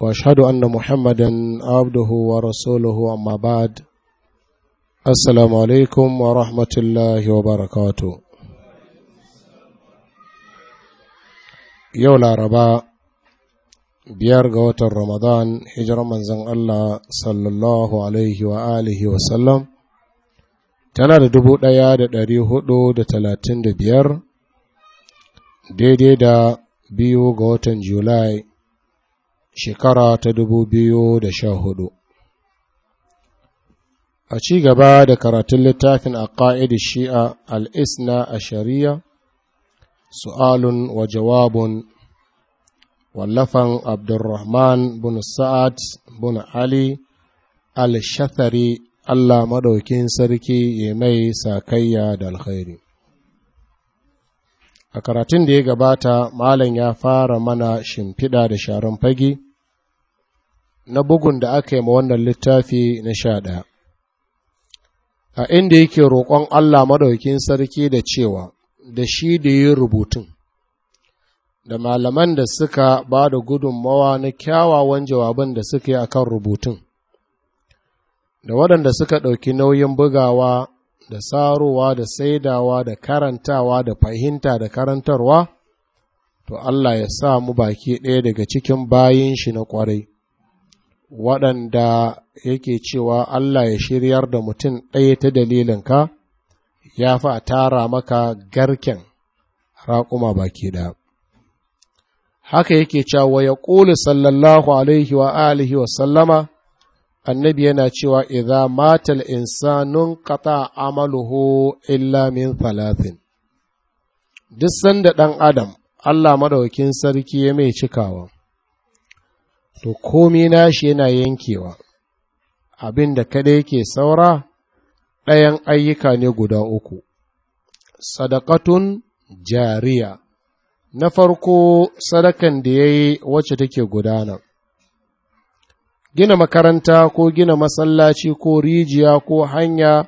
واشهد ان محمدا عبده ورسوله اما بعد السلام عليكم ورحمه الله وبركاته يوم الاربعاء biyar ga watan ramadan hijirar manzon Allah sallallahu alaihi wa alihi tana da dubu ɗaya da ɗari hudu da talatin da biyar daidai da biyu ga watan julai shekara ta dubu biyu da sha hudu. a ci gaba da karatun littafin a ƙa'idu shi'a al'isna a shari'a su'alun wa jawabun wallafan abdurrahman bin sa'ad bin ali al-shathari allah maɗaukin sarki ya mai sakayya da alkhairi a karatun da ya gabata malam ya fara mana shimfiɗa da sharan fage na bugun da aka yi ma wannan littafi na sha ɗaya a inda yake roƙon allah maɗaukin sarki da cewa da shi da yi rubutun da malaman da suka ba da gudunmawa na kyawawan jawabin da suka yi a kan rubutun da waɗanda suka ɗauki nauyin bugawa da sarowa da saidawa da karantawa da fahimta da karantarwa to Allah ya sa mu baki ɗaya daga cikin bayin shi na ƙwarai waɗanda yake cewa Allah ya shiryar da mutum ɗaya ta dalilinka ya fi a tara maka garken raƙuma baki ɗaya haka yake cewa ya ƙuli sallallahu alaihi wa alihi wa sallama annabi yana cewa idza matal insanun qata amaluhu illa min thalathin duk sanda dan adam Allah madaukin sarki ya mai cikawa to komai nashi yana yankewa Abinda da kada yake saura ɗayan ayyuka ne guda uku sadakatun jariya na farko sadakan da ya yi wacce take gudana gina makaranta ko gina masallaci ko rijiya ko hanya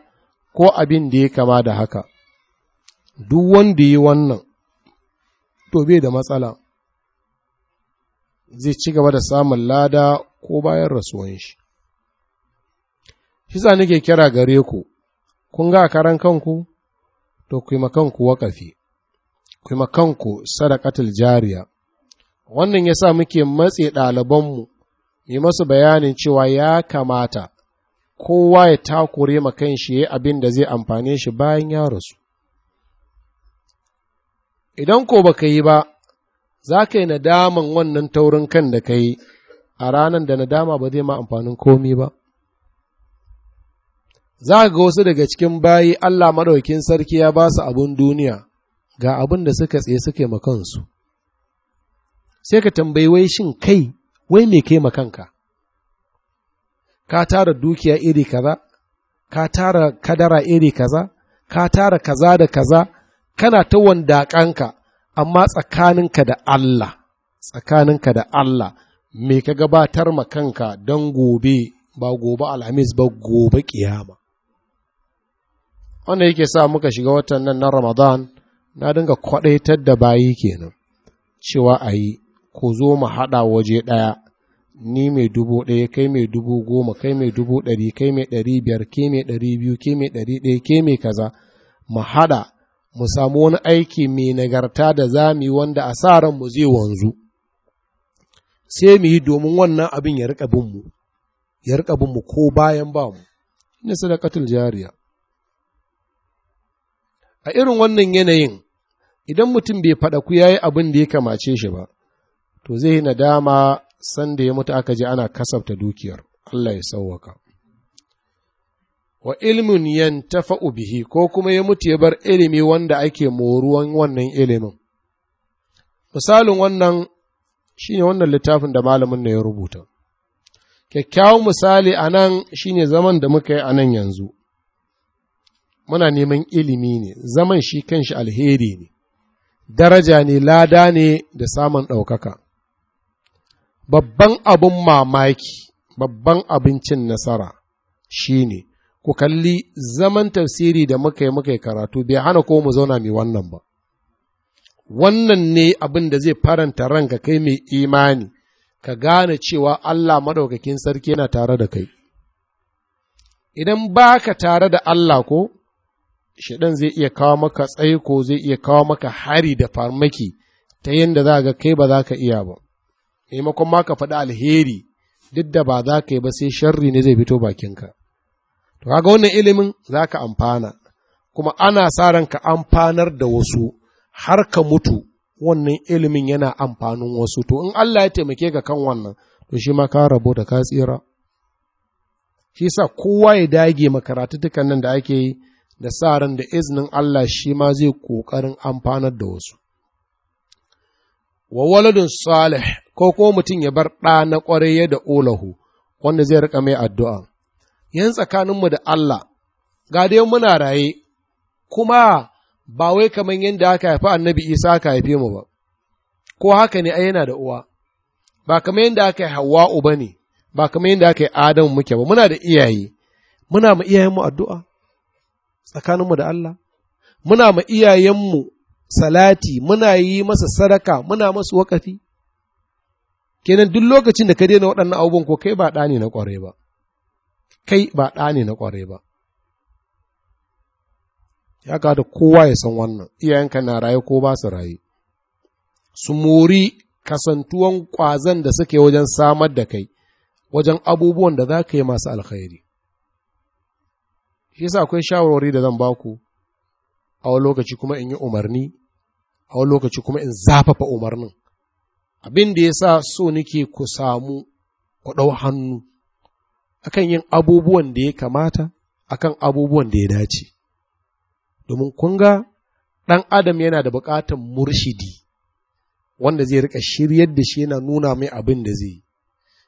ko abin da ya kama da haka duk wanda yi wannan to bai da matsala zai ci gaba da samun lada ko bayan rasuwan shi shi nake kira gare ku kun ga karan kanku to ku yi makanku waƙafi ku yi makanku sadakatul jariya wannan ya sa muke matse ɗalibanmu yi masu bayanin cewa ya kamata kowa ya takure ma shi ya abin da zai amfane shi bayan ya rasu idan ko baka yi ba za ka yi nadaman wannan taurin kan da ka yi a ranar da nadama ba zai ma amfanin komi ba za ga wasu daga cikin bayi Allah maɗaukin sarki ya ba su abin duniya ga abin da suka tsaye suke makansu sai ka tambayi wai shin kai wai me ma kanka ka tara dukiya iri kaza ka tara kadara iri kaza ka tara kaza da kaza kana ta wanda kanka amma tsakaninka da Allah tsakaninka da Allah me ka gabatar ma kanka don gobe ba gobe alhamis ba gobe kiyama wanda yake sa muka shiga watan nan na ramadan na dinga kwadaitar da bayi kenan cewa a yi ku zo mu haɗa waje ɗaya ni mai dubu ɗaya kai mai dubu goma kai mai dubu ɗari kai mai ɗari biyar ke mai ɗari biyu ke mai ɗari ɗaya ke mai kaza mu haɗa mu samu wani aiki mai nagarta da za mu yi wanda a sa ranmu zai wanzu sai mu yi domin wannan abin ya riƙa bin mu ya riƙa bin mu ko bayan ba mu ne sadaqatul jariya a irin wannan yanayin idan mutum bai faɗa ku yayi abin da ya kamace shi ba to zai yi nadama sanda ya mutu aka je ana kasafta dukiyar Allah ya sauwaka wa ilmin yantafa'u bihi ko kuma ya mutu ya bar ilimi wanda ake moruwan wannan ilimin misalin wannan shine wannan littafin da malamin na ya rubuta kyakkyawan misali a nan shine zaman da muka yi a nan yanzu muna neman ilimi ne zaman shi kanshi alheri ne daraja ne lada ne da samun ɗaukaka babban abin mamaki babban abincin nasara shine ku kalli zaman tafsiri da muka yi muka yi karatu bai hana ko mu zauna mai wannan ba wannan ne abin da zai faranta ranka kai mai imani ka gane cewa Allah Madaukakin sarki yana tare da kai idan ba ka tare da Allah ko shaɗan zai iya kawo maka tsaiko zai iya kawo maka hari da farmaki ta yadda za ga kai ba za ka iya ba maimakon ma ka faɗi alheri duk da ba za ka yi ba sai sharri ne zai fito bakinka to kaga wannan ilimin za ka amfana kuma ana sa ran ka amfanar da wasu har ka mutu wannan ilimin yana amfanin wasu to in Allah ya taimake ka kan wannan to shi ma ka rabo da ka tsira shi sa kowa ya dage makaratu dukan nan da ake yi da sa ran da iznin Allah shi ma zai kokarin amfanar da wasu wa waladun salih ko ko mutum ya bar ɗa na ƙwarai da olahu wanda zai rika mai addu'a. Yan tsakaninmu da Allah, ga dai muna raye, kuma ba wai kamar yadda aka haifi annabi Isa aka haife mu ba, ko haka ne ai yana da uwa, ba kamar yadda aka yi Hawwa'u ba ne, ba kamar yadda aka yi Adamu muke ba, muna da iyaye, muna ma iyayenmu addu'a tsakaninmu da Allah, muna ma iyayenmu salati muna yi masa sadaka muna masu wakafi kenan duk lokacin da ka daina waɗannan abubuwan ko kai ba ɗa na ƙware ba kai ba ɗa na ƙware ba ya da kowa ya san wannan iyayenka na raye ko ba su raye su mori kasantuwan ƙwazon da suke wajen samar da kai wajen abubuwan da za ka yi masu alkhairi shi yasa akwai shawarwari da zan baku a wani lokaci kuma in yi umarni a wani lokaci kuma in zafafa umarnin abin da ya sa so nake ku samu ku ɗau hannu akan yin abubuwan da ya kamata akan abubuwan da ya dace domin kun ga ɗan adam yana da buƙatar murshidi wanda zai rika shiryar da shi yana nuna mai abin da zai yi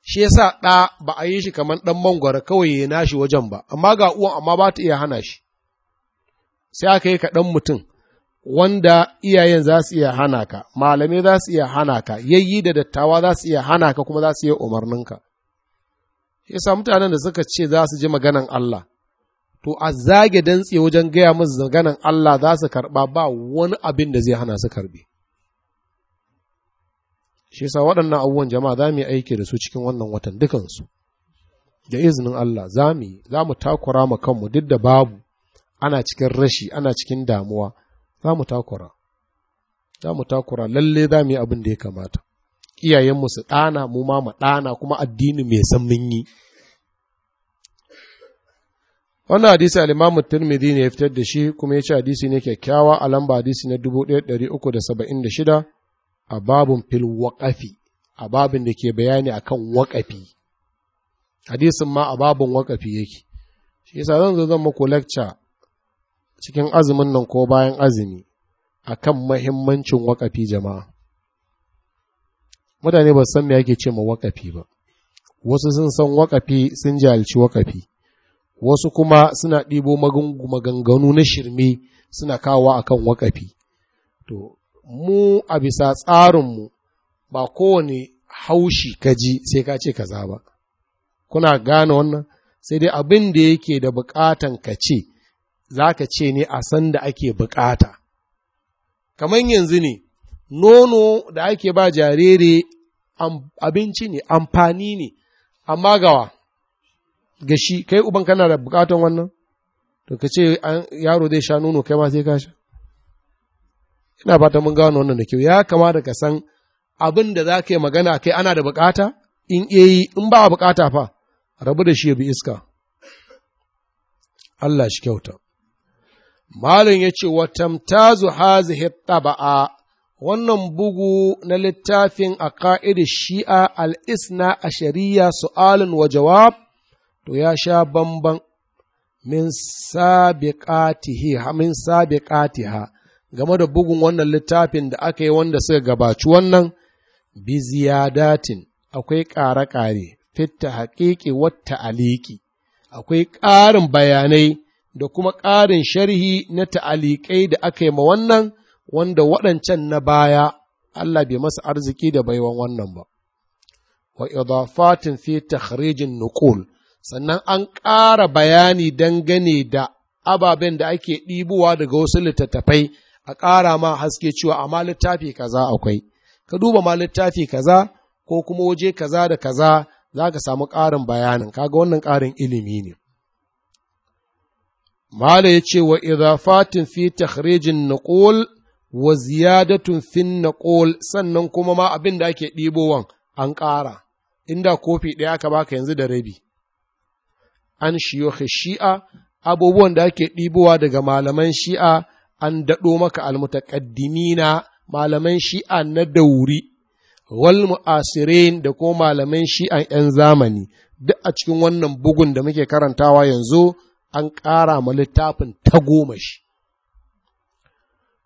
shi yasa ɗa ba a yi shi kamar ɗan mangwara kawai ya nashi wajen ba amma ga uwan amma ba ta iya hana shi sai aka yi kaɗan mutum wanda iyayen za su iya hana ka malamai za su iya hana ka yayyi da dattawa za su iya hana ka kuma za su iya umarninka yasa mutanen da suka ce za su ji maganan Allah to a zage dantse wajen gaya musu maganan Allah za su karɓa ba wani abin da zai hana su karɓi. shi yasa waɗannan abubuwan jama'a za mu yi aiki da su cikin wannan watan dukansu da izinin Allah za mu za mu takura ma kanmu duk da babu ana cikin rashi ana cikin damuwa za mu takura za mu takura lalle za mu yi abin da ya kamata iyayenmu su ɗana mu ma mu ɗana kuma addini mai san mun yi wannan hadisi al-imamu ne ya fitar da shi kuma ya ci hadisi ne kyakkyawa a lamba hadisi na 1376 a babun fil waqafi a babin da ke bayani akan waqafi hadisin ma a babun waqafi yake shi yasa zan zo zan muku lecture cikin azumin nan ko bayan azumi a kan mahimmancin wakafi jama'a mutane ba san me ake ce ma wakafi ba wasu sun san wakafi sun jahilci wakafi wasu kuma suna ɗibo maganganu na shirme suna kawo a kan wakafi to mu a bisa tsarinmu ba kowane haushi kaji sai ka ce kaza ba kuna gane wannan sai dai abin da yake da bukatan ka ce za ka ce ne a san da ake bukata kamar yanzu ne nono da ake ba jariri abinci ne amfani ne amma gawa ga shi kai uban kana da bukatan wannan to ka ce yaro zai sha nono kai ma sai ka sha ina fata mun gano wannan da kyau ya kamata ka san abin da za ka yi magana kai ana da bukata in yi eh, in ba bukata fa rabu da shi ya bi iska Allah shi kyauta Malin ya ce, Watamtazu hazihi taba'a, wannan bugu na littafin a ƙa'idar shi'a al'isna a shari'a su'alin wa jawab, to ya sha bamban min sabiqatiha game da bugun wannan littafin da aka yi wanda suka gabaci wannan bi ziyadatin akwai ƙare-ƙare fitta haƙiƙi wata aliki akwai ƙarin bayanai da kuma ƙarin sharhi na ta'aliƙai da aka yi ma wannan wanda waɗancan na baya Allah bai masa arziki da baiwan wannan ba. Wa idafatin fi takhrijin nukul sannan an ƙara bayani dangane da ababen da ake ɗibowa daga wasu littattafai a ƙara ma haske cewa amma littafi kaza akwai. Ka duba ma littafi kaza ko kuma waje kaza da kaza za ka samu ƙarin bayanin, kaga wannan ƙarin ilimi ne. Mala ya ce wa izafatin fi takhrijin naqul wa ziyadatun fin naqul sannan kuma ma abin da ake ɗibowan an ƙara, inda kofi ɗaya aka baka yanzu da rabi. An shiyo shi'a abubuwan da ake ɗibowa daga malaman shi'a an daɗo maka almutakaddimina malaman shi'a na dauri wal mu'asirin da kuma malaman shi'an 'yan zamani duk a cikin wannan bugun da muke karantawa yanzu an ƙara ma littafin ta goma shi.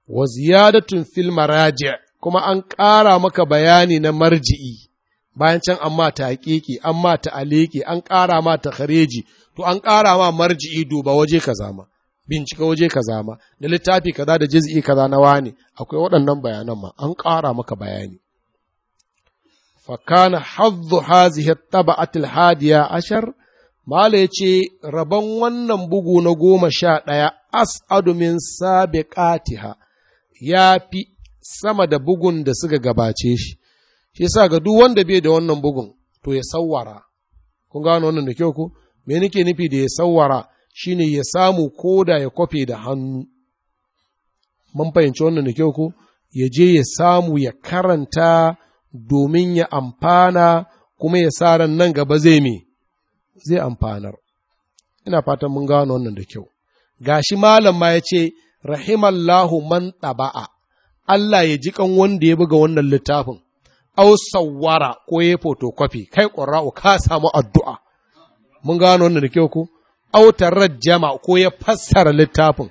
Wa ziyadatun fil maraji kuma an ƙara maka bayani na marji'i bayan can amma ta haƙiƙi, amma ta aliki, an ƙara ma ta khareji, to an ƙara ma marji'i duba waje ka zama, bincika waje ka zama, da littafi kaza da jiz'i kaza na wani, akwai waɗannan bayanan ma, an ƙara maka bayani. Fakana hazzu hazihi taba'atul hadiya ashar Mala ya ce, Rabon wannan bugu na goma sha ɗaya, as'adu min ƙatiha, ya fi sama da bugun da suka gabace shi, shi sa ga duk wanda bai da wannan bugun, to ya sawwara. Kun gano wannan da kyau ku Me nake nufi da ya sawwara shine ya samu koda ya kwafe da hannu. Mun fahimci wannan da kyau ku Ya je ya samu ya karanta domin ya amfana kuma ya sa ran nan gaba zai me zai amfanar ina fatan mun gano wannan da kyau gashi malam ma ya ce rahimallahu man ɗaba'a, Allah ya ji kan wanda ya buga wannan littafin au sawara ko ya fotokofi kai ƙura'u ka samu addu'a mun gano wannan da kyau ku au jama ko ya fassara littafin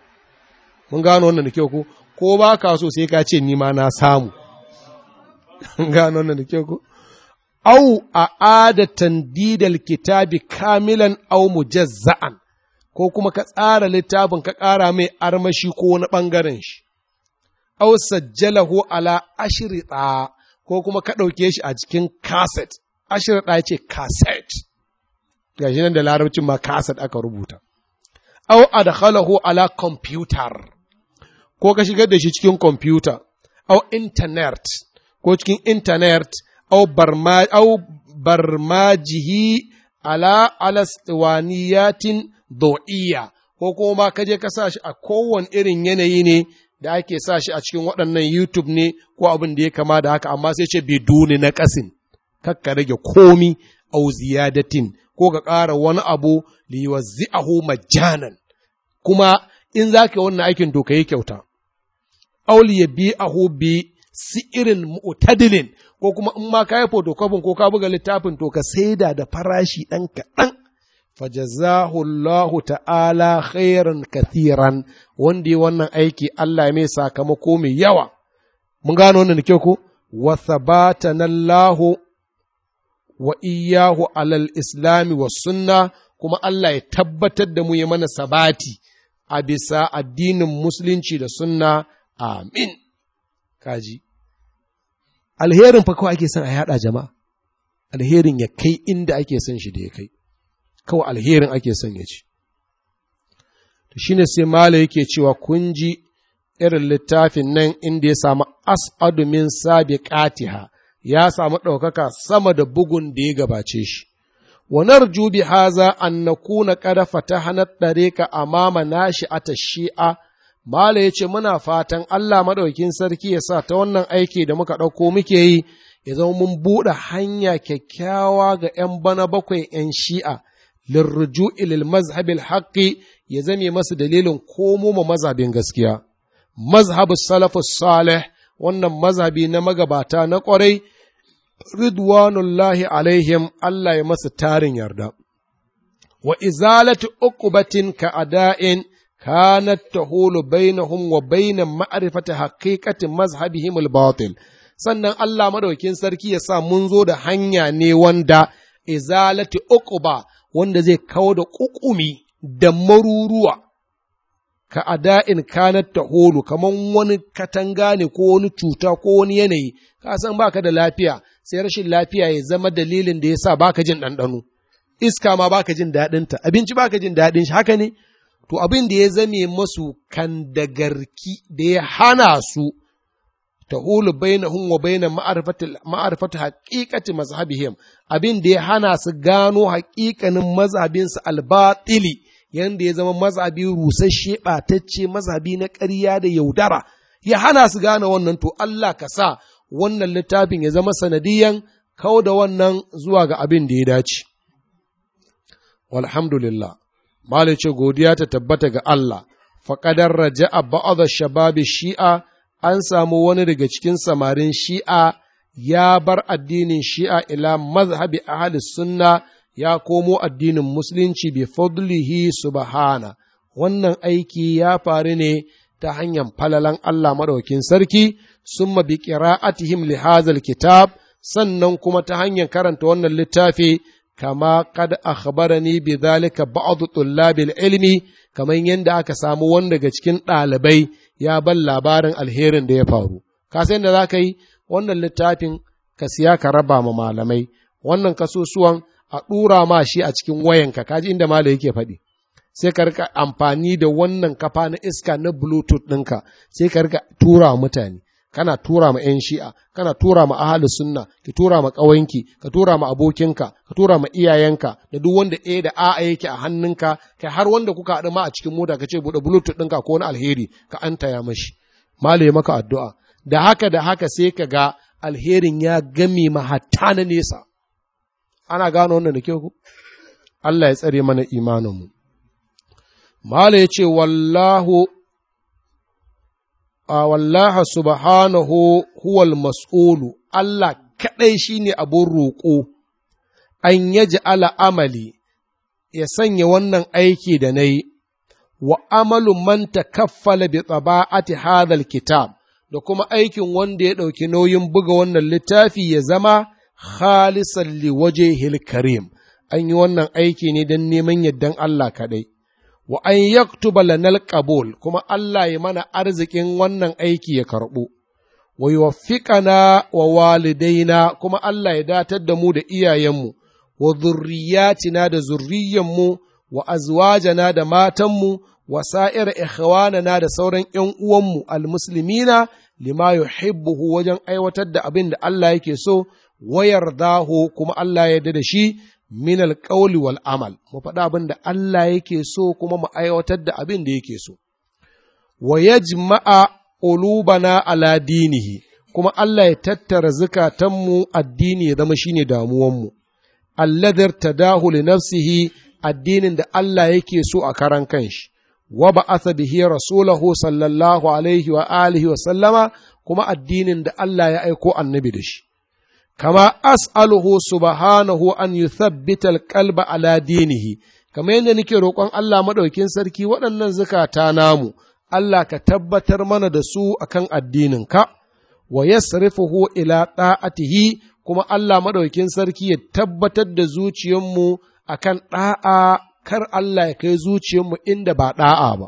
mun gano wannan da kyau ku ko ba ka so sai ka ce ni ma na samu mun gano wannan da kyau ku. au a adatan didal kitabi kamilan au mujazza'an ko kuma ka tsara littafin ka ƙara mai armashi ko wani ɓangaren shi, au sajjalahu ala ashirita ko kuma ka ɗauke shi a cikin kaset, ashirita ce kaset, gashi nan da larabcin ma kaset aka rubuta. Au adkhalahu ala computer ko ka shigar da shi cikin computer, au internet ko cikin internet au barmajihi ala alastiwaniyatin do'iya ko kuma ka je ka sa shi a kowane irin yanayi ne da ake sa shi a cikin waɗannan YouTube ne ko abin da ya kama da haka amma sai ce biduni na kasin kakka rage komi au ziyadatin ko ka ƙara wani abu liwazzi'ahu majanan kuma in za ka wannan aikin doka ka yi kyauta auli ya bi ahu bi irin mu'tadilin ko kuma in ma ka yi fotokofin ko ka buga littafin to ka saida da farashi ɗan kaɗan fajazahullahu ta'ala khairan kathiran wanda yi wannan aiki Allah mai sakamako mai yawa mun gano wannan da kyau ko wa thabatana wa iyahu alal islami wa sunna kuma Allah ya tabbatar da mu ya mana sabati a bisa addinin musulunci da sunna amin kaji alherin fa kawai ake son a yada jama'a alherin ya kai inda ake son shi da ya kai kawai alherin ake son ya ci to shine sai mala yake cewa kun ji irin littafin nan inda ya samu as'adu min sabiqatiha ya samu ɗaukaka sama da bugun da ya gabace shi wanar jubi haza an nakuna ɗare ka tariqa ma nashi ta shi'a Mala ya ce muna fatan Allah maɗaukin sarki ya sa ta wannan aiki da muka ɗauko muke yi ya zama mun buɗe hanya kyakkyawa ga ‘yan bana bakwai ‘yan shi'a lirruju ilil mazhabin haƙƙi ya zame masu dalilin komo ma mazhabin gaskiya. Mazhabu salafu salih wannan mazhabi na magabata na ƙwarai ridwanullahi alaihim Allah ya masu tarin yarda. Wa izalatu uqubatin ka ada'in kanat tahulu bainahum wa baina ma'rifati haqiqati mazhabihim al-batil sannan Allah madaukin sarki ya sa mun zo da hanya ne wanda izalati uquba wanda zai kawo da kukumi da maruruwa ka ada'in kanat tahulu kaman wani katanga ne ko wani cuta ko wani yanayi ka san baka da lafiya sai rashin lafiya ya zama dalilin da yasa baka jin ɗanɗano iska ma baka jin daɗinta abinci baka jin daɗin shi haka ne to abin da ya zame masu dagarki da ya hana su ta hulu baina hun wa baina ma'arfata haƙiƙati mazhabihim abin da ya hana su gano haƙiƙanin mazhabinsu albatili yanda ya zama mazhabi rusasshe ɓatacce mazhabi na ƙarya da yaudara ya hana su gane wannan to Allah ka sa wannan littafin ya zama sanadiyan kau da wannan zuwa ga abin da ya dace walhamdulillah Malai ce godiya ta tabbata ga Allah, faƙadar raja a ba’adar shababi shi'a an samu wani daga cikin samarin shi'a ya bar addinin shi'a ila mazhabi ahli sunna ya komo addinin musulunci bi fadlihi subhana wannan aiki ya faru ne ta hanyar falalan Allah maɗaukin sarki summa bi qira'atihim lihazal kitab sannan kuma ta hanyar karanta wannan littafi kama kad akhbarani bi zalika ba'd tullabil ilmi kamar yadda aka samu wanda daga cikin ɗalibai ya ban labarin alherin da ya faru ka san za zaka yi wannan littafin ka siya ka raba ma malamai wannan kasusuwan a ɗura ma shi a cikin wayanka kaji inda mala yake faɗi sai ka rika amfani da wannan kafa na iska na bluetooth ɗinka sai ka rika tura mutane kana tura ma ‘yan shi'a, kana tura ma ahali sunna, ki tura ma ƙawanki, ka tura ma abokinka, ka tura ma iyayenka, da duk wanda A da A yake a hannunka, kai har wanda kuka haɗu ma a cikin mota ka ce buɗe bluetooth ɗinka ko wani alheri, ka ya mashi. ya maka addu'a. Da haka da haka sai ka ga alherin ya gami ma hatta na nesa. Ana gano wannan da ku? Allah ya tsare mana imaninmu. Malai ya ce, Wallahu wallaha subhanahu huwal mas'ulu Allah kaɗai shine abun roƙo an yaji ala amali ya sanya wannan aiki da na yi wa amalu man takaffala bi tsaba'ati hadhal kitab da kuma aikin wanda ya ɗauki nauyin buga wannan littafi ya zama khalisan waje karim an yi wannan aiki ne don neman yardan Allah kaɗai wa an yaktuba lanal qabul kuma Allah ya mana arzikin wannan aiki ya karɓo wa yuwaffiqana wa walidaina kuma Allah ya datar da mu da iyayenmu wa zurriyatina da zurriyanmu wa azwajana da matanmu wa sa'ir ikhwanana da sauran ’yan uwanmu almuslimina lima yuhibbuhu wajen aiwatar da abin da Allah yake so wayar daho kuma Allah ya da shi min alƙauli wal amal mu faɗa abin da Allah yake so kuma mu aiwatar da abin da yake so wa yajma'a qulubana ala dinihi kuma Allah ya tattara zukatanmu addini ya zama shine damuwanmu alladhir tadahu li nafsihi addinin da Allah yake so a karan kanshi wa ba'atha bihi rasulahu sallallahu alaihi wa alihi wa sallama kuma addinin da Allah ya aiko annabi da shi kama as'aluhu subhanahu an yuthabbita alqalba ala dinihi kamar yadda nake roƙon Allah madaukin sarki waɗannan zakata namu Allah ka tabbatar mana da su akan addininka wa yasrifuhu ila ta'atihi kuma Allah madaukin sarki ya tabbatar da zuciyarmu akan ɗa'a kar Allah ya kai zuciyarmu inda ba ɗa'a ba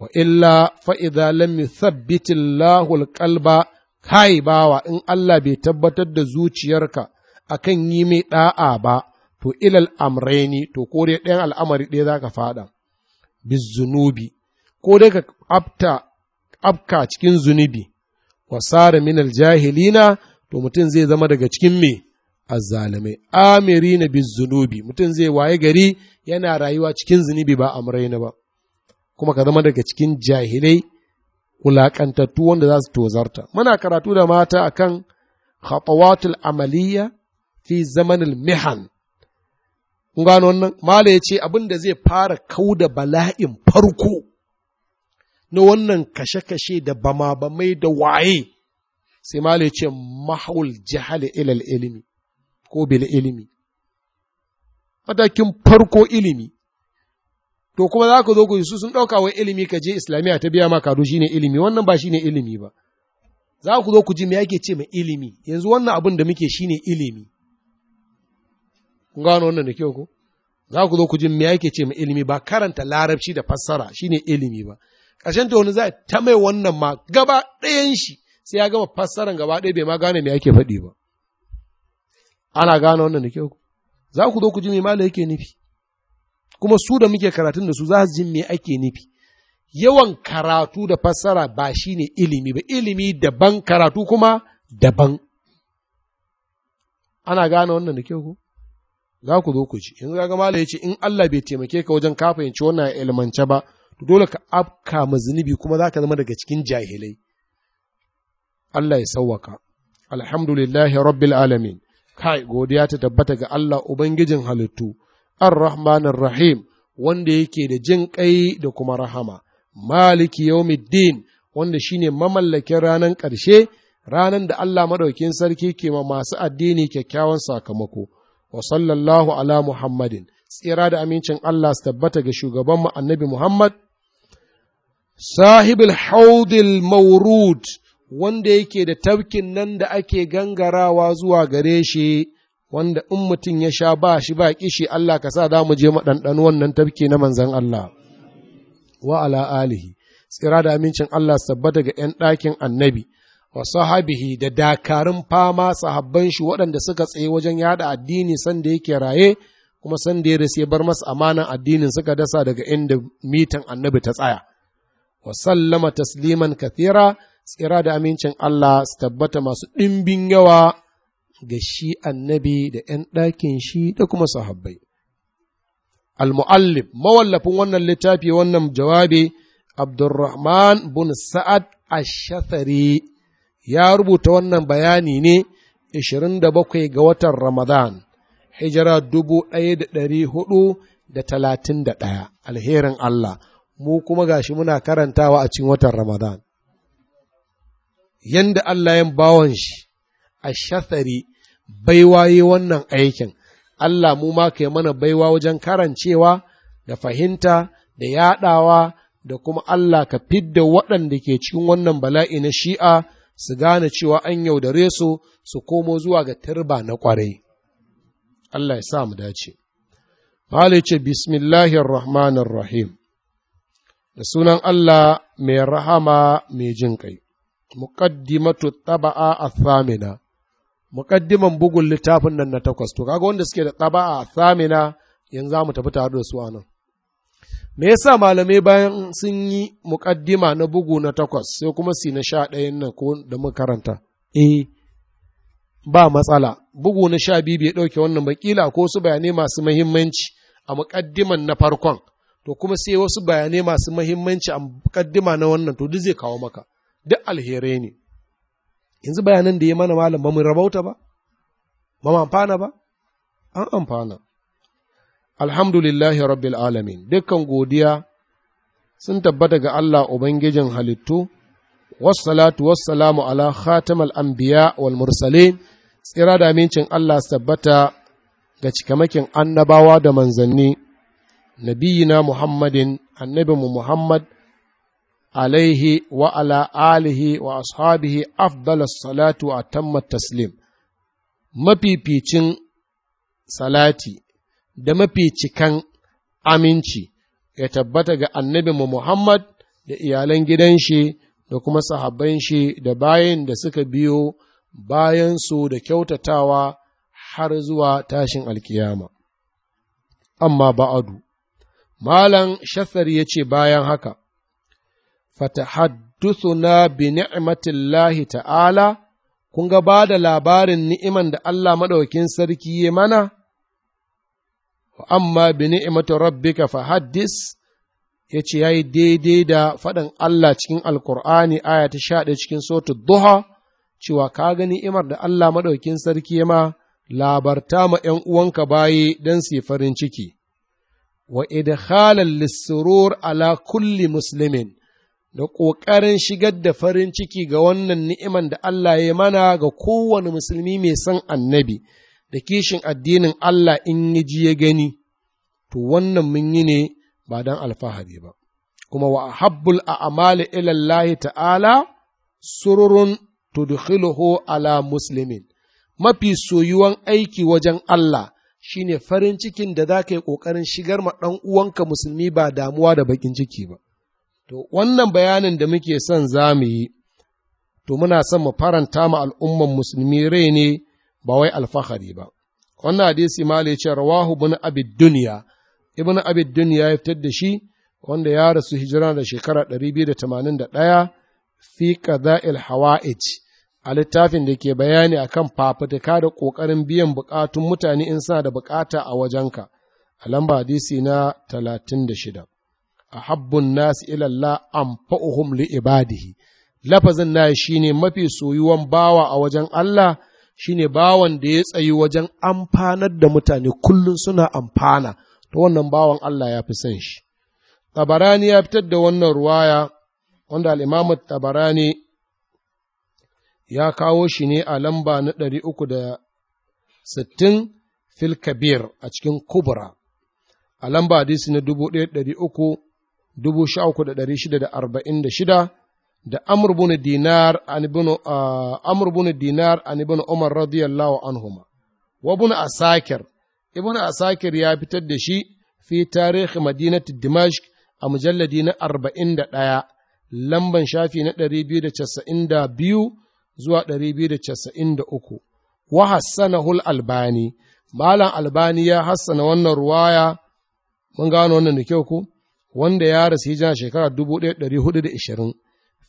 wa illa fa idza lam yuthabbit Allahu alqalba kai bawa in Allah bai tabbatar da zuciyarka akan yi mai ɗa'a ba, to ilal amraini to ko ɗayan al'amari ɗaya za ka faɗa, zunubi, ko dai ka afka cikin zunubi, wasara minal jahilina to mutum zai zama daga cikin me azzalimai, amiri na zunubi, mutum zai waye gari yana rayuwa cikin zunubi ba amraini ba, kuma ka zama daga cikin jahilai wulaƙantattu wanda za su tozarta muna karatu da mata a kan khatawatul amaliya fi zamanil mihan kun gano wannan mala ya ce abin da zai fara kau da bala'in farko na wannan kashe-kashe da bama-bamai da waye sai mala ya ce mahaul jihali ilal ilimi ko bil ilimi matakin farko ilimi to kuma za ka zo ku su sun ɗauka wa ilimi ka je islamiyya ta biya maka shi ne ilimi wannan ba shi ne ilimi ba za ku zo ku ji me yake ce mai ilimi yanzu wannan abin da muke shi ne ilimi kun gano wannan da kyau ko za ku zo ku ji me yake ce mai ilimi ba karanta larabci da fassara shi ne ilimi ba ƙarshen ta wani za ta mai wannan ma gaba ɗayan shi sai ya gama fassaran gaba ɗaya bai ma gane me yake faɗi ba ana gane wannan da kyau za ku zo ku ji me mala yake nufi kuma su da muke karatun da su za su jin me ake nufi yawan karatu da fassara ba shi ne ilimi ba ilimi daban karatu kuma daban ana gane wannan da kyau ku za ku zo ku ji yanzu ga ya ce in Allah bai taimake ka wajen ka fahimci wannan ilmance ba to dole ka afka ma zunubi kuma za ka zama daga cikin jahilai Allah ya sauwaka alhamdulillahi rabbil alamin kai godiya ta tabbata ga Allah ubangijin halittu ar-rahmanir rahim wanda yake da jin ƙai da kuma rahama maliki yawmiddin wanda shine mamallakin ranar ƙarshe ranar da Allah madaukin sarki ke ma masu addini kyakkyawan sakamako wa sallallahu ala muhammadin tsira da amincin Allah su tabbata ga shugaban mu annabi muhammad sahibul haudil mawrud wanda yake da tabkin nan da ake gangarawa zuwa gare shi wanda in mutum ya sha ba shi ba kishi Allah ka sa za mu je maɗanɗan wannan tafki na manzan Allah wa ala alihi tsira da amincin Allah tabbata ga ‘yan ɗakin annabi wa sahabihi da dakarun fama sahabban shi waɗanda suka tsaye wajen yada addini sanda yake raye kuma sanda ya rasu ya bar masa amanan addinin suka dasa daga inda mitan annabi ta tsaya wa sallama tasliman kathira tsira da amincin Allah su tabbata masu ɗimbin yawa ga shi annabi da ‘yan ɗakin shi da kuma sahabbai. Al-mu'allif mawallafin wannan littafi wannan jawabi Abdurrahman bin Sa'ad Ash-Shathari ya rubuta wannan bayani ne 27 ga watan Ramadan, hijira ɗaya, alherin Allah, mu kuma gashi muna karantawa a cikin watan Ramadan. Yanda Allah ya bawon shi ashathari baiwa yi wannan aikin Allah mu ma ka mana baiwa wajen karancewa da fahimta da yaɗawa da kuma Allah ka fidda waɗanda ke cikin wannan bala'i na shi'a su gane cewa an yaudare su su komo zuwa ga turba na ƙwarai. Allah ya sa mu dace. Mahalar ce, Bismillahir da sunan Allah mai rahama mai jin kai muƙaddimatu taba'a a muƙaddiman bugun littafin nan na takwas to kaga wanda suke da tsaba'a samina yanzu za mu tafi tare da su a nan me yasa malamai bayan sun yi muƙaddima na bugu na takwas sai kuma si na sha ɗayan nan ko da muka karanta eh ba matsala bugu na sha biyu bai ɗauke wannan ba kila ko wasu bayanai masu muhimmanci a muƙaddiman na farkon to kuma sai wasu bayanai masu muhimmanci a muƙaddima na wannan to duk zai kawo maka duk alherai ne yanzu bayanan da ya mana malam ba mu rabauta ba ba mu amfana ba an amfana alhamdulillahi rabbil alamin dukkan godiya sun tabbata ga Allah ubangijin halittu wassalatu wassalamu ala khatamal anbiya wal mursalin tsira da amincin Allah su tabbata ga cikamakin annabawa da manzanni nabiyina muhammadin annabimu muhammad alaihi wa ala alihi wa ashabihi afdal salatu a tamma taslim mafificin salati da maficikan aminci ya tabbata ga annabi Muhammad da iyalan gidan shi da kuma sahabban shi da bayan da suka biyo bayansu da kyautatawa har zuwa tashin alkiyama. Amma ba'adu, Malam Shafar ya ce bayan haka, fatahadduthuna bi ni'matillahi ta'ala kun ga ba da labarin ni'iman da Allah maɗaukin sarki ya mana wa amma bi ni'mati rabbika fahaddis yace yayi daidai da faɗin Allah cikin alkur'ani aya ta 11 cikin sotu duha cewa ka ga ni'imar da Allah maɗaukin sarki ya ma labarta ma ’yan uwanka baye don su farin ciki, wa idkhalan lissurur ala kulli muslimin, da ƙoƙarin shigar da farin ciki ga wannan ni'iman da Allah ya mana ga kowane musulmi mai son annabi da kishin addinin Allah in yi ji ya gani, to wannan mun yi ne ba don alfahari ba. Kuma wa habbul a a'amali ilallahi ta'ala sururun tudkhiluhu ala muslimin mafi soyuwan aiki wajen Allah shine farin cikin da za ka yi ƙoƙarin shigar ma ɗan uwanka musulmi ba damuwa da bakin ciki ba. To, wannan bayanin da muke son za mu yi, to muna son mu faranta ma al'umman musulmi rai ne ba wai alfahari ba. Wannan hadisi mali ce rawahu bin abid duniya, ibn abid duniya ya fitar da shi wanda ya rasu hijira da shekara 281 fi qada'il hawa'ij a littafin da ke bayani akan fafutuka da ƙoƙarin biyan buƙatun mutane in suna da buƙata a wajenka. a lamba hadisi na talatin shida. ahabbun nas ila Allah anfa'uhum li ibadihi lafazin na shine mafi soyuwan bawa a wajen Allah shine bawan da ya tsayi wajen amfanar da mutane kullum suna amfana to wannan bawan Allah ya fi son shi tabarani ya fitar da wannan ruwaya wanda al-imamu ya kawo shi ne a lamba na ɗari uku da sittin fil a cikin kubra a lamba hadisi na dubu ɗaya ɗari uku dubu sha uku da ɗari shida da arba'in da shida da Amr bin Dinar an ibn uh, Amr bin Dinar an ibn Umar radiyallahu anhuma wa ibn Asakir ibn Asakir ya fitar da shi fi tarihi madinati Dimashq a mujalladi na 41 lamban shafi na 292 zuwa 293 wa Hassana al-Albani malam Albani ya hassana wannan ruwaya mun gano wannan da kyau ko wanda ya rasu hijira shekara 1420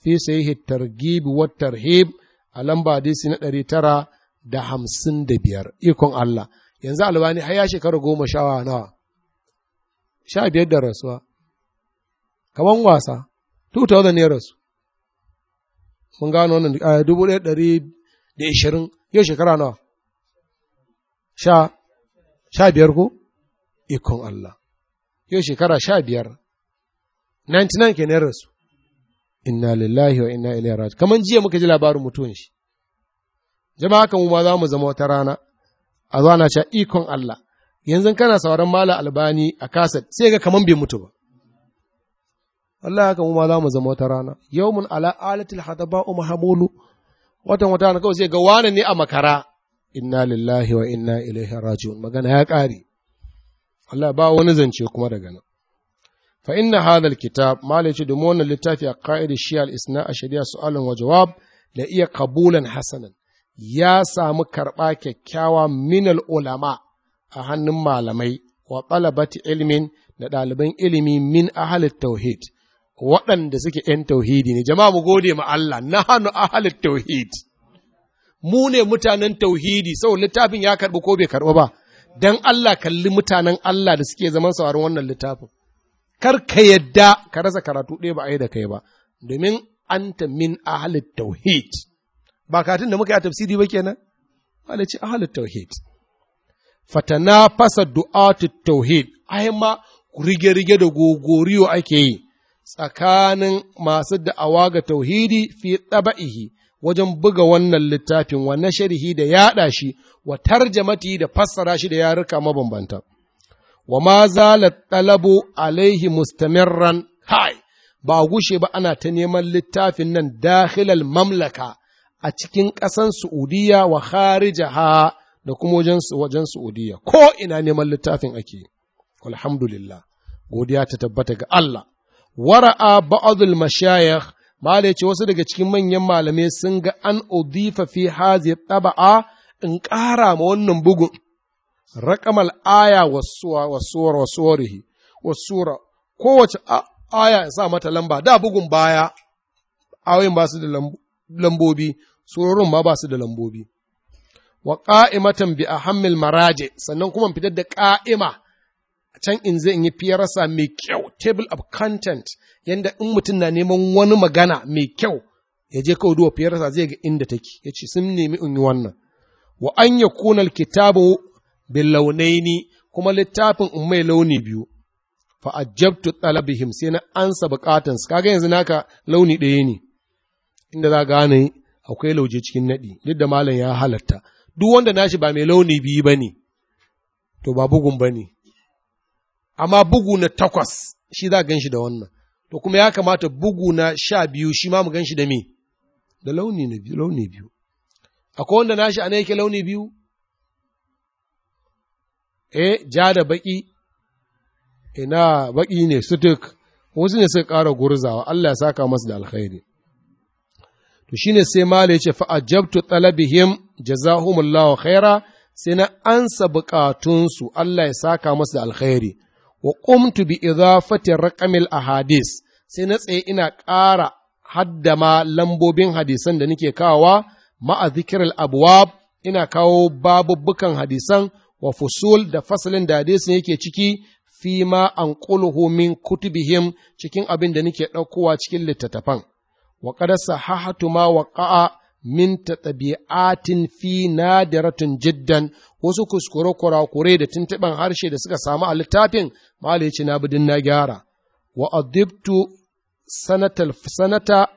fi sahihi targhib wa tarhib a lamba disi na 955 ikon Allah yanzu albani har ya shekara goma sha nawa sha biyar da rasuwa kaman wasa 2000 ne rasu mun gano wannan a 1120 yau shekara nawa sha sha biyar ko ikon Allah yau shekara sha biyar 99 kenan rasu inna lillahi wa inna ilaihi raji kaman jiya muka ji labarin mutuwan shi jama'a kan ma za mu zama wata rana a zo ana sha ikon Allah yanzu kana sauran mala albani a kaset sai ga kaman bai mutu ba Allah haka mu ma za mu zama wata rana yawmun ala alatil hadaba mahmulu watan wata na kawai sai ga wani ne a makara inna lillahi wa inna ilaihi raji magana ya kare Allah ba wani zance kuma daga nan fa inna halar kitab malai ce domin wannan littafi a ka'ida shi al-isna a shari'a su'alun wa jawab da iya kabulan hasanan ya samu karɓa kyakkyawa minal ulama a hannun malamai wa talabati ilimin da ɗaliban ilimi min ahalit tauhid waɗanda suke ‘yan tauhidi ne jama'a mu gode ma Allah na hannu ahalit tauhid mu ne mutanen tauhidi sau littafin ya karɓi ko bai karɓi ba don Allah kalli mutanen Allah da suke zaman sauran wannan littafin kar ka yadda ka rasa karatu ɗaya ba a yi da kai ba domin anta min ahalit tauhid ba katin da muka yi a tafsiri ba kenan wale ce ahalit tauhid fatana fasa du'atu tauhid ai ma rige-rige da gogoriyo ake yi tsakanin masu da'awa ga tauhidi fi ɗaba'ihi wajen buga wannan littafin wa sharhi da yaɗa shi wa tarjamati da fassara shi da rika mabambanta wa ma talabu alaihi mustamirran hai ba gushe ba ana ta neman littafin nan dakhilal mamlaka a cikin ƙasan su'udiyya wa kharijaha da kuma wajen wajen ko ina neman littafin ake alhamdulillah godiya ta tabbata ga Allah wara'a ba'dul mashayikh malai ce wasu daga cikin manyan malamai sun ga an udifa fi hazi taba'a in ƙara ma wannan bugun raƙamal aya wasuwarihi wasura kowace aya in sa mata lamba da bugun baya ayoyin ba su da lambobi surorin ma ba su da lambobi wa ƙa'imatan bi ahammil maraje sannan kuma fitar da ƙa'ima can in zai in yi fiyarsa mai kyau table of content yanda in mutum na neman wani magana mai kyau ya je kawai duwa fiyarsa zai ga inda take ya ce sun nemi in yi wannan wa an ya kuna kitabu billaunaini kuma littafin in mai launi biyu fa ajabtu talabihim sai na ansa bukatan su kaga yanzu naka launi ɗaya ne inda za gane akwai lauje cikin naɗi duk da malam ya halatta duk wanda nashi ba mai launi biyu bane to ba bugun bane amma bugu na takwas shi za gan shi da wannan to kuma ya kamata bugu na sha biyu shi ma mu gan shi da me da launi na biyu launi biyu akwai wanda nashi ana yake launi biyu E, ja da baƙi ina baƙi ne su duk wasu ne suka ƙara gurzawa Allah ya saka masu da alkhairi to shine sai mala ya ce fa ajabtu talabihim jazahumullahu khaira sai na ansa bukatunsu Allah ya saka masu da alkhairi wa qumtu bi idafati raqamil ahadis sai na tsaye ina ƙara haddama lambobin hadisan da nake kawa ma'a zikiril abwab ina kawo babubbukan hadisan wa fusul da fasalin da hadisin yake ciki fi ma an min kutubihim cikin abin da nake ɗaukowa cikin littattafan wa qadasa hahatu ma waqa'a min tatabi'atin fi nadiratun jiddan wasu kuskure kurakure da tuntuɓen harshe da suka samu a littafin ce na budin na gyara wa adibtu sanata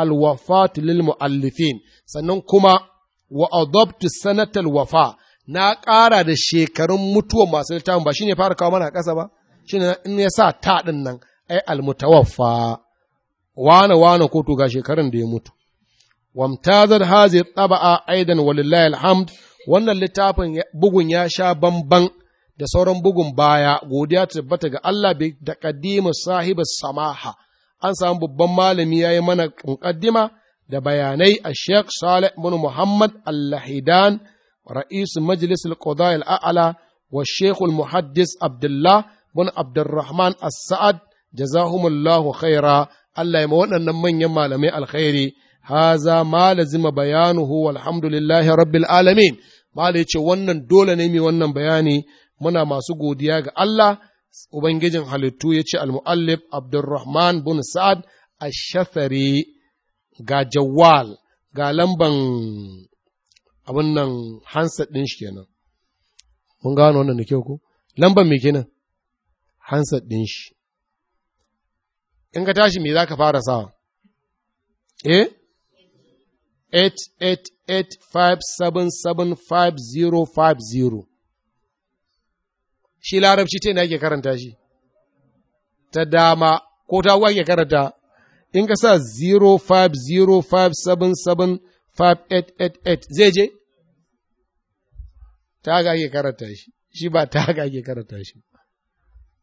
alwafatu lil mu'allifin sannan kuma wa adabtu sanata alwafa na ƙara da shekarun mutuwa masu littafin ba shi ne fara kawo mana ƙasa ba ne in ya sa ta nan ai almutawaffa wane wane ko ga shekarun da ya mutu wamtazar hazi taba'a aidan walillahi alhamd wannan littafin bugun ya sha bamban da sauran bugun baya godiya tabbata ga Allah bi da kadima sahiba samaha an samu babban malami yayi mana muqaddima da bayanai a shek Salih bin Muhammad allahidan lahidan رئيس مجلس القضاء الأعلى والشيخ المحدث عبد الله بن عبد الرحمن السعد جزاهم الله خيرا الله يموت أن من يما لمي الخير هذا ما لزم بيانه والحمد لله رب العالمين ما ليش ونن دولة نمي ونن بياني منا ما سقو دياغ الله Ubangijin halittu ya ce al-mu'allif Abdurrahman bin Sa'ad ash-Shathari ga Jawwal ga lamban abin nan handset ɗin shi kenan mun gano wannan da kyau ko lambar me kenan handset ɗin shi in ka tashi me za ka fara sawa eh 8885775050 shi larabci ta na ke karanta shi ta dama ko ta yake karanta in ka sa 050577. 5888 zai je? Ta ga ake karanta shi, shi ba ta ga ake karanta shi.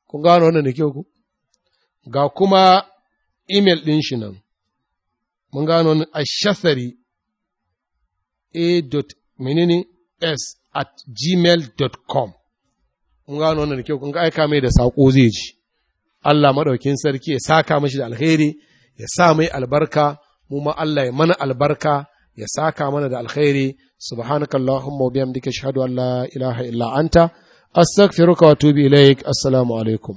Kun gano wannan da kyau ku? Ga kuma imel ɗin shi nan, mun gano wani a shasari a dot menene s at gmail.com. Mun gano wannan da kyau, kun ga aika mai da saƙo zai ji. Allah maɗaukin sarki ya saka mashi da alheri, ya sa mai albarka, mu ma Allah ya mana albarka, ya saka mana da alkhairi subhanaka allahumma wa bihamdika ashhadu an la ilaha illa anta astaghfiruka wa atubu ilaik assalamu alaikum